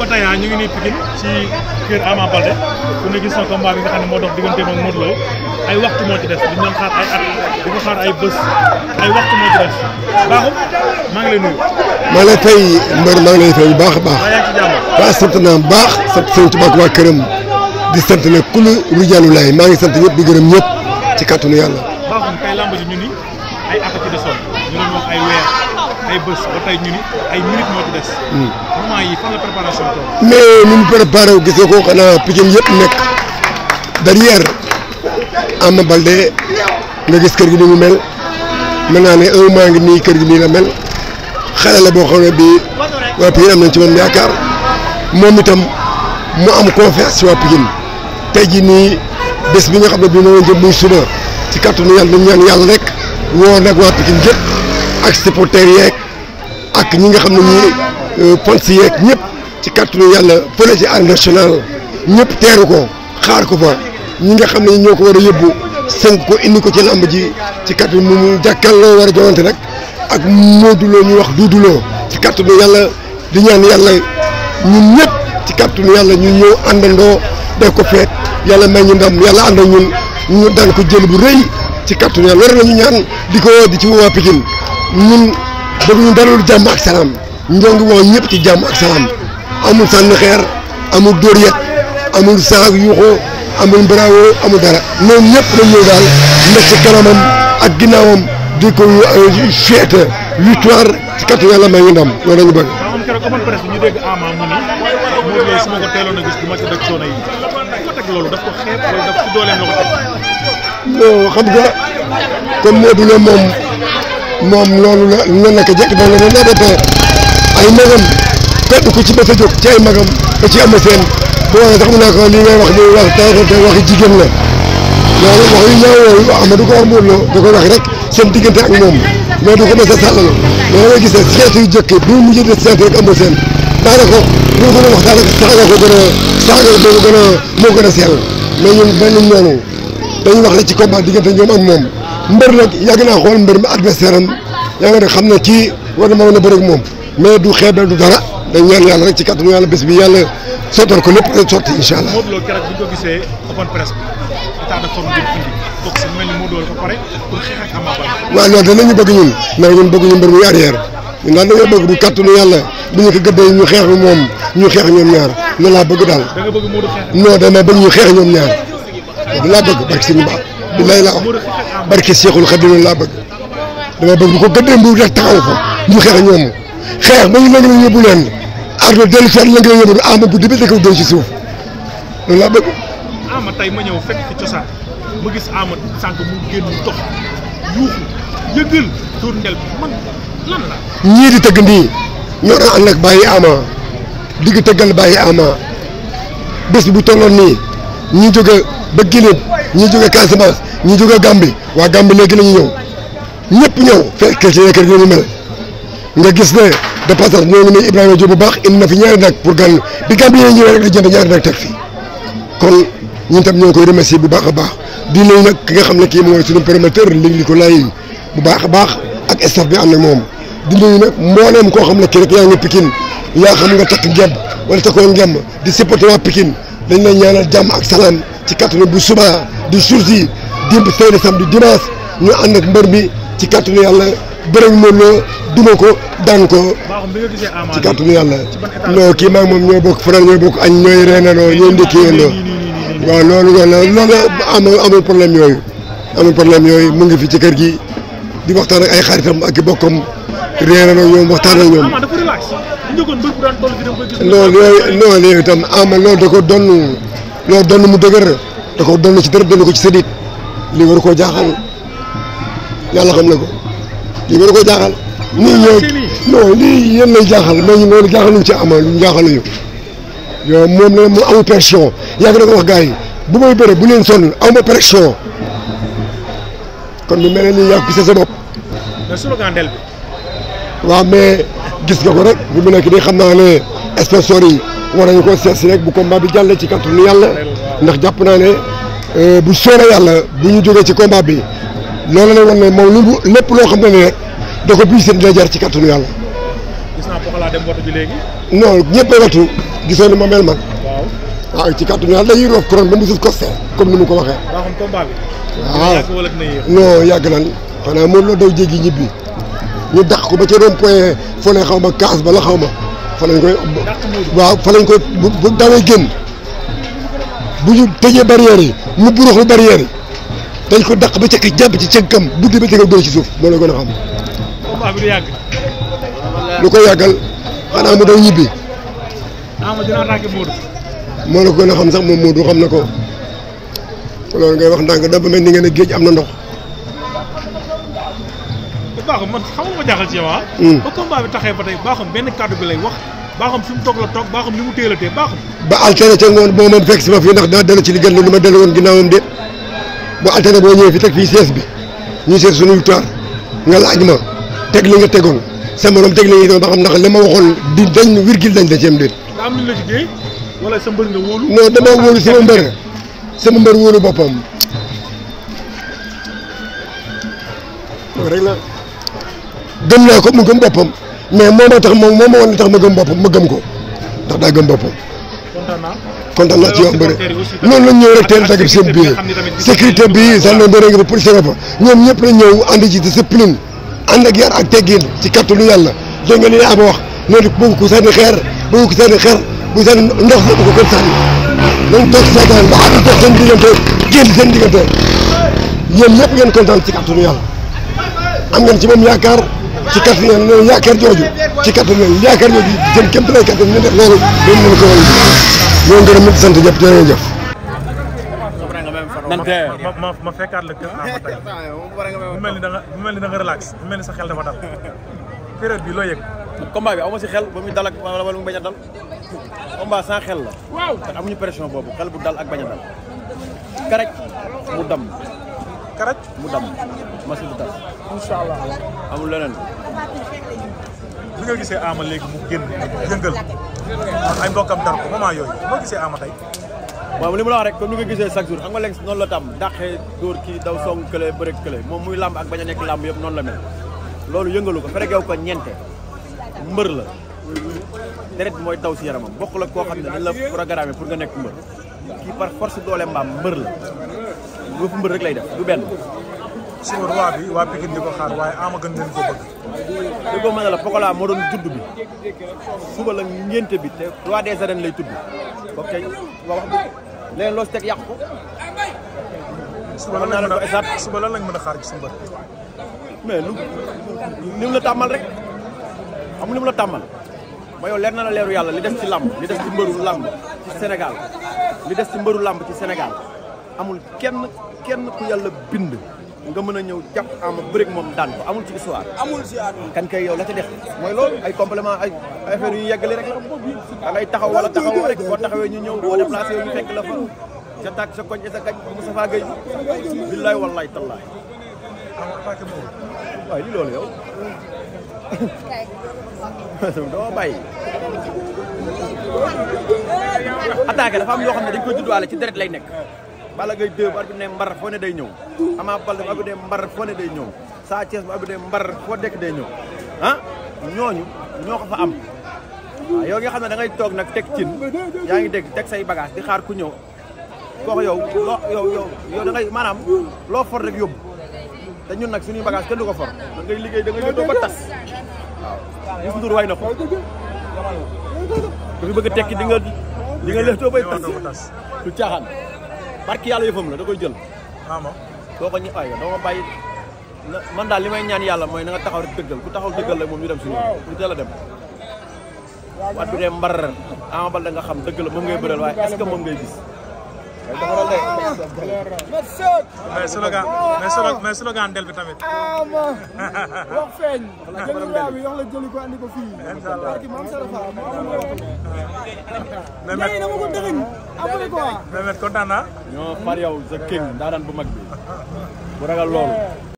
ba tey ah, ñu ngi nii Pikine ci kër Ama Baldé maa ngi lay nuyu. maa ngi lay fay mbër bu baax a baax. yaa ngi ci sant naa bu baax sant sëñ Tuubaa ak waa këram di sant nag kullu rijaalu laay maa ngi sant ñëpp di gërëm ñëpp ci kàttanu yàlla. baaxum kay lamb ñu ni ay at a ci desoon ñu doon wax ay weer. ay bés ba tey ñu ni ay minutes moo ci hmm. mais ni mu préparé wu gisee ko xanaa Pikine yëpp nekk derrière Ama Baldé nga gis kër gi ni mu mel mën naa ne un ngi nii kër gi nii la mel xale la boo xam ne bii waa Pikine am nañ ci moom yaakaar moom itam mu am confiance ci waa Pikine tey nii bés bi nga xam ne bii moo jëm muy suba ci kàttanu yàlla nañ ñaan yàlla rek woo nag waa Pikine yëpp. ak supporters yeeg ak ñi nga xam ne ñii euh, fans yeeg ñëpp ci kàttanu yàlla fële ci arène nationale ñëpp teeru ko xaar ko fa ñi nga xam ne ñoo ko war a yóbbu sënk ko indi ko ci làmb ji ci kàttanu mu mu jàkkaarloo war a joŋante nag ak Modou Lo wax Doudou Lo ci kàttanu yàlla di ñaan yàlla ñun ñëpp ci kàttanu yàlla ñu ñëw àndandoo def ko feet yàlla may ñu ndam yàlla ànd ak ñun ñu daan ko jël bu rëy ci kàttanu yàlla war nañu ñaan di ko di ci waa Pikine ñun bëgg ñu dara lu jàmm ak salaam ñoo ngi woo ñëpp ci jàmm ak salaam amul sànni xeer amul dóor yet amul saag yuuxoo amul bravo amul dara ñoom ñëpp dañ ñëw daal nekk ci kanamam ak ginnaawam di ko féete euh, victoire ci kàttu yàlla may ñu ndam loolu la bëgg. waaw am keroog amoon presse bi a gis moom. moom loolu la la nekk jekk noonu la ñu nekkatee ay magam pedd ku ci bës a jóg ci ay magam da ci am seen bu waxee sax mu ne ko li ngay wax li wax tey waxi jigéen la loolu wax yu ñaaw yooyu Amadou ko war Modou Lo da koy wax rek seen diggante ak moom mais du ko mos a sàllal loolu la gis ne xeetu yu jëkk bu mu mujjee di seet rek am seen daanaka bu ñu gën a wax daanaka saaga ko gën a saaga boobu gën a moo gën a sell mais ñun benn noonu dañuy wax rek ci combat diggante ñoom ak moom. mbër nag yàgg naa xool mbër mi adversaire am yàgg na xam ne kii war na mën a bëre ak moom mais du xeebal du dara dañ ñaan yàlla rek ci kattanu yàlla bés bi yàlla sottal ko lépp rek sotti incha allah. Modou Lo keroog ñu ko gisee open press bi état de forme bi xeex ak Ama Baldé. waaw loolu bëgg ñun mais ñun bëgguñu mbër muy arrière bëgg ñu xeex gëddee ñu moom ñu xeex ñoom ñaar loolu laa bëgg daal. da nga xeex. non dama bëgg ñaar laa bëgg barke li may la xam barke Seexul Xadim laa bëgg dama bëgg bu ko gëddee mbuur rek taxaw fa ñu xeex ñoom xeex ba ñu nangu la yóbbu leen ardo dellu si at la nga yóbbu ama bu dibi dëkk doon si suuf loolu laa ama tey ma ñëw fekk fi cosaan gis ama sànq mu génn ñii di tëgg nii ñoo doon ànd ak bàyyi ama digg tëggal bàyyi ama bés bu tolloon nii ñu jóge ba Guinée. ñi jóge Casamance ñi jóge Gambie waa Gambie léegi la ñu ñëw ñëpp ñëw fekk ci kër gi ñu mel nga gis ne de passage ñooñu ne Ibrahima Diop bu baax indi na fi ñaari nag pour gan bi Gambie yooyu ñëwee rek la teg fii kon ñun tam ñoo koy remercier bu baax a baax di nuyu nag ki nga xam ne kii mooy suñu promoteur liggéey li ko lay bu baax a baax ak staff bi ànd moom di nuyu nag mbooleem koo xam ne kii rek yaa ngi Pikine yaa xam nga takk ngemb wala takkoo ngemb di supporter waa Pikine dañ lay ñaanal jàmm ak salaam ci kattanu bu subaa du jour ji dimb tey samedi dimanche ñu ànd ak mbër mi ci kattanu yàlla bëriñ moom la duma ko daan ko ci kattanu yàlla non kii maa moom ñoo bokk faral ñoo bokk añ ñooy reenandoo ñooy ndékkiyandoo waaw loolu loolu loolu amul amul problème yooyu amul problème yooyu mu ngi fi ci gi di waxtaan ak ay xaritam ak i réer na ñoom waxtaan ak ñoom. non non yooyu itam ama loolu da ko donn loolu donn mu dëgër da ko donn ci dërët donn ko ci sëdit li war koo jaaxal yàlla xam na ko li war koo jaaxal. nii ñoo non lii yéen lay jaaxal mais ñun loolu jaaxaluñ ci ama luñ jaaxaluñu yow moom la mu amul pression yàgg na ko wax gars yi bu may bëre bu leen sonn aw ma pression kon mu mel ne nii yaa ko gisee waaw mais gis nga ko rek bi mu nekk di xam naa ne sponsor yi war nañu ko seet si rek bu combat bi jàllee ci kàttanu yàlla ndax jàpp naa ne euh, bu sooree yàlla bu ñu jógee ci combat bi loolu la ñu ne moom lu lépp loo xam ne ne rek da ko ci kàttanu yàlla. gis naa Pokola dem watu ji léegi. non ñëpp a watu gisoo ni ma mel man. waaw waaw ci kàttanu yàlla dañuy roof couronne ba mu suuf costé comme ni mu ko waxee. waaw yàgg nañ xanaa moom la daw jéggi ñibbi. ñu dàq ko ba ca rond point foo ne xaw ma kaas ba la xaw ma fa lañ koy. waaw fa lañ koy bu bu dawee génn bu ñu tëjee barrières yi mu buruxlu barrières yi dañ ko dàq ba ca jàpp ci cëggam buddi ba cëggam dóor ci suuf moo la gën a xam. combat yàgg. lu ko yàggal xanaa mu daw ñibbi. ah ma dina attaqué moo la ko gën a xam sax moom Modou xam na ko loolu ngay wax ndànk dafa mel ni ngeen ne géej am na ndox. baaxam man xam nga ma jaaxal ci yow ah. hmm. ba combat bi taxee benn kàddu bi lay wax baaxam fi mu toog la ba alterné ca boo moom fekk si ma fii ndax dina dellu ci li gën lu ma dellu woon ginnaawam de bu alterné boo ñëwee fi teg fii sees bi ñu seet suñu victoire nga laaj ma teg li nga tegoon sa morom teg li nga ba xam ndax li ma waxoon di dañ virgule dañ la ci am déet. daa am lu la ci wala sa mbër nga wóolu. non damaa sama mbër sama mbër wóolu boppam. rek gëm naa ko mu gëm boppam mais moo ma tax moom moo ma woon tax ma gëm boppam ma gëm ko ndax daa gëm boppam. kontaan naa ci yow bëri noonu lañ teel a dagg seen biir sécurité bi sax na mbërë nga fa ñoom ñëpp la ñëw ànd ci discipline ànd ak yar ak teggin ci kattanu yàlla dégg nga ni yaa ba wax noonu bëgg ko sànni xeer bëgg ko sànni xeer bu sànni ndox sax bu ko kenn sànni nañ toog seetaan ba am toog seen diggante génn seen diggante yéen ñëpp ngeen kontaan ci kattanu yàlla am ci kàttan yàlla loolu yaakaar jooju ci kàttan yàlla yaakaar jooju jëm képp lay kàttan ñu def loolu loolu mën ko wàññi ñoo sant ñëpp jërëjëf. man de ma ma ma fekkaat la kër naa ma mel ni da nga mel ni da nga mel ni sa xel dafa dal période bi loo yëg. combat bi aw ma si xel ba muy dal ak wala mu bañ a dal combat sans xel la. waaw amuñu pression boobu xel bu dal a dal. karaj karaj mu dam machine bi tas. incha allah amul leneen. bi nga gisee Ama léegi mu génn yëngal ay mbokkam dar ko moment yooyu bi nga gisee Ama tey. waaw li la wax rek comme ni nga gisee chaque jour xam nga léegi noonu la tam dàqee dóor kii daw song kële bëre kële moom muy làmb ak bañ a nekk làmb yëpp noonu la mel. loolu yëngalu ko feregew ko ñente mbër la deret bi mooy daw si yaramam bokk la koo xam ne dañ la programmé pour nga nekk mbër kii par force doole mbaam yëfu mbër rek lay def du benn. si roi bi waa Pikine di ko xaar waaye ama gën leen ko bëgg. li ko mën a la Pokola moo doon tudd bi suba la ngénte bi te roi des arènes lay tudd ok wa wax bi leneen loo si teg yàqu ko. suba lan lañ mën a suba lan lañ mën a xaar ci mbër. mais lu ni mu la tàmmal rek xam ni mu la tàmmal ma yow leer na la leeru yàlla li des ci làmb li des ci mbëru làmb ci Sénégal li des ci mbëru làmb ci Sénégal. amul kenn kenn ku yàlla bind nga mën a ñëw jàpp ama bërik moom daan amul ci histoire amul si àdduna kan kay yow la ci def mooy lool ay complement ay affaire yu ñu yeggale rek la da ngay taxaw wala taxaw rek boo ñu ñëw boo déplacé ñu fekk la fa sa tàkk sa koñ sa gaj Moustapha Gueye billaay wallaay tallaay waaye li loolu yow doo bàyyi attaqué dafa am yoo xam ne dañ koy judduwaale ci deret lay nekk Balla Gaye 2 bu arbitre ne mbar day ñëw Ama Baldé bu arbitre ne mbar foo day ñëw Sa Thiès bu arbitre ne mbar foo dekk day ñëw ah ñooñu ñoo ko fa am waaw yow nga xam ne da ngay toog nag teg cin yaa ngi dégg teg say bagage di xaar ku ñëw kooku yow loo yow yow yow da ngay maanaam loo for rek yóbbu te ñun nag suñuy bagage kenn du ko for da ngay liggéey da ngay liggéey ba tas waaw way na ko ku bëgg tekki di nga di nga lëftoo bay tas du caaxaan barki yàlla yëfam la da koy jël. waaw doo ko ñu aywa doo ma bàyyi man daali ma may ñaan yàlla mooy na nga taxaw rek dëggal ku taxaw dëggal la moom ñu dem suñu ñu teel a dem. waat bi dee mbar Ama Baldé nga xam dëgg la moom ngay bëreel waaye est-ce que moom ngay gis mais slogan mais del bi tamit. wax feeñ. jëli laa ko andi fii. incha allah mais mais dama ko dëgëñ. amuñu quoi mais mais kontaan ñoo far yow sa king ndaanaan bu mag bi loolu.